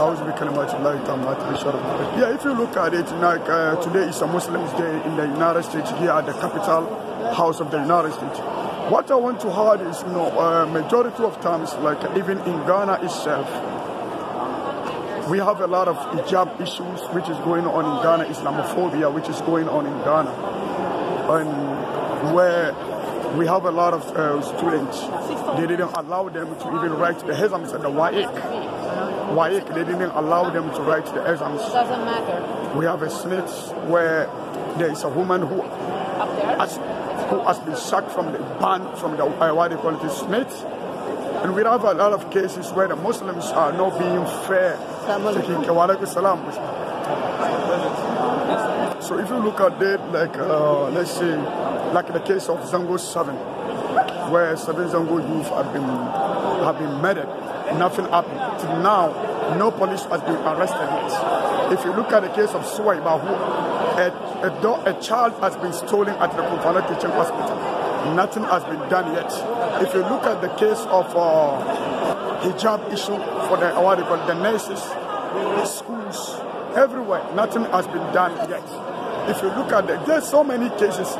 house we can much light and Yeah, if you look at it, like uh, today is a Muslims Day in the United States here at the capital house of the United States. What I want to add is, you know, uh, majority of times, like even in Ghana itself, we have a lot of hijab issues which is going on in Ghana, Islamophobia which is going on in Ghana, and where we have a lot of uh, students, they didn't allow them to even write the exams and the waik. Why they didn't allow them to write the exams? Doesn't matter. We have a snitch where there is a woman who has, who has been sacked from the ban from the uh, what they call it, Smith. And we have a lot of cases where the Muslims are not being fair. So if you look at it, like uh, let's say, like the case of Zango Seven, where seven Zango youth have been have been murdered. Nothing happened. Till now, no police has been arrested yet. If you look at the case of Suwai Bahu, a, a, do- a child has been stolen at the Kufala Teaching Hospital. Nothing has been done yet. If you look at the case of uh, hijab issue for the, what you call the nurses, the schools, everywhere, nothing has been done yet. If you look at the, there's so many cases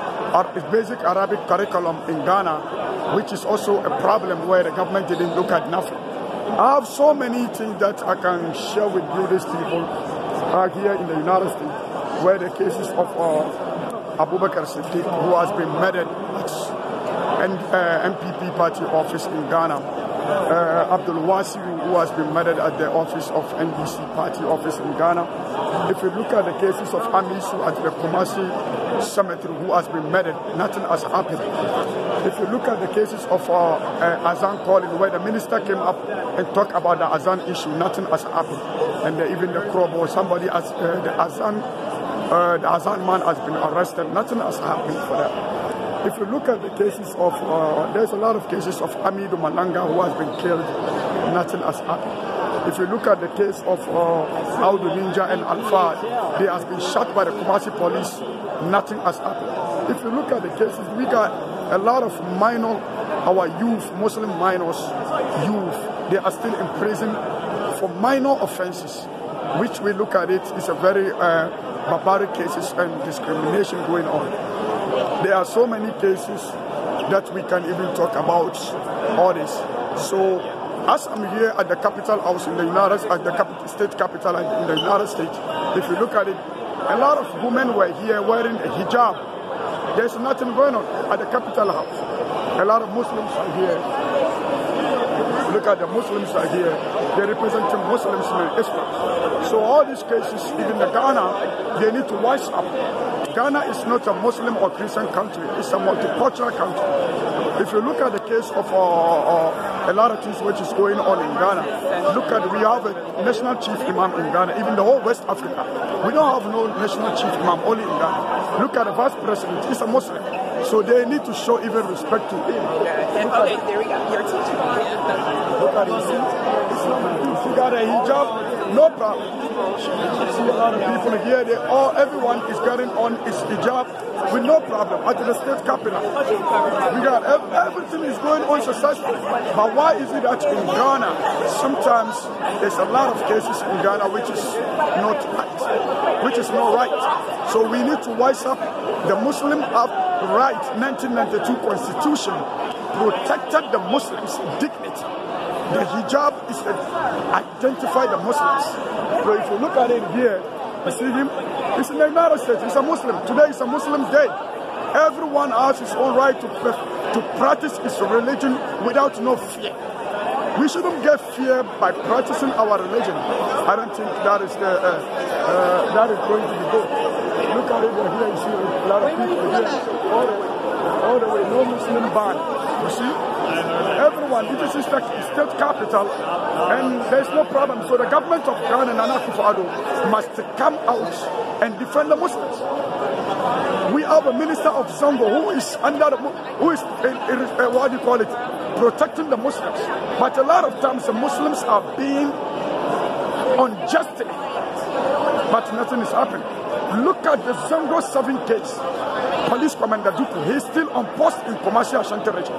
basic Arabic curriculum in Ghana, which is also a problem where the government didn't look at nothing. I have so many things that I can share with you, these people uh, here in the United States, where the cases of uh, Bakr Siddiq, who has been murdered at N uh, MPP party office in Ghana, uh, Abdul Wasiru, who has been murdered at the office of NDC party office in Ghana. If you look at the cases of Amisu at the Kumasi cemetery who has been murdered, nothing has happened. If you look at the cases of uh, uh, Azan calling, where the minister came up and talked about the Azan issue, nothing has happened. And uh, even the crop or somebody has, uh, the Azan, uh, the Azan man has been arrested, nothing has happened for that. If you look at the cases of, uh, there's a lot of cases of Amidu Malanga who has been killed, nothing has happened. If you look at the case of uh, Audu Ninja and Far, they has been shot by the Kumasi police. Nothing has happened. If you look at the cases, we got a lot of minor, our youth, Muslim minors, youth, they are still in prison for minor offenses, which we look at it is a very uh, barbaric cases and discrimination going on. There are so many cases that we can even talk about all this. So as I'm here at the Capitol House in the United at the state capital in the United States, if you look at it, a lot of women were here wearing a hijab. There's nothing going on at the Capitol House. A lot of Muslims are here. Look at the Muslims are here. They represent Muslims in Islam. So all these cases, even the Ghana, they need to wise up. Ghana is not a Muslim or Christian country, it's a multicultural country. If you look at the case of uh, uh, a lot of things which is going on in Ghana, look at we have a national chief imam in Ghana, even the whole West Africa. We don't have no national chief imam only in Ghana. Look at the vice president, he's a Muslim. So they need to show even respect to him. Okay, there we go. Your teacher. Look at him she got a hijab, no problem. see a lot of people here, they all, everyone is getting on his hijab with no problem at the state capital. We got, everything is going on successful. But why is it that in Ghana, sometimes there's a lot of cases in Ghana which is not right, which is not right. So we need to wise up the Muslim up right 1992 constitution protected the Muslims' dignity. The hijab is to identify the Muslims. So if you look at it here, you see him, it's in the United States, he's a Muslim. Today is a Muslim day. Everyone has his own right to, to practice his religion without no fear. We shouldn't get fear by practicing our religion. I don't think that is the, uh, uh, that is going to be good. Look at it here, you see a lot of people here or there were no Muslim ban. You see? Everyone, this is the state capital, and there's no problem. So the government of Ghana, and akufo must come out and defend the Muslims. We have a minister of Zongo who is under, who is, uh, what do you call it, protecting the Muslims. But a lot of times the Muslims are being unjustly, but nothing is happening. Look at the Zongo 7 case. Police Commander Duku. He's still on post in Kumasi Ashanti region.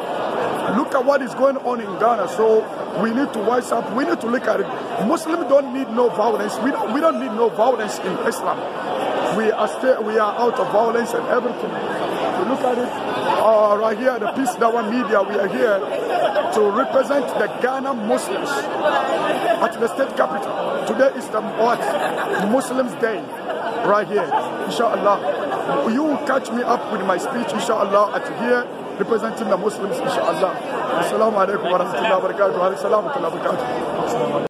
Look at what is going on in Ghana. So we need to wise up. We need to look at it. Muslims don't need no violence. We don't, we don't need no violence in Islam. We are, still, we are out of violence and everything. We look at it. Uh, right here the Peace Dawa Media, we are here to represent the Ghana Muslims at the state capital. Today is the what? Muslims Day, right here, inshallah. You will catch me up with my speech, inshallah, at here, representing the Muslims, inshallah. Assalamu alaikum wa rahmatullahi wa barakatuh.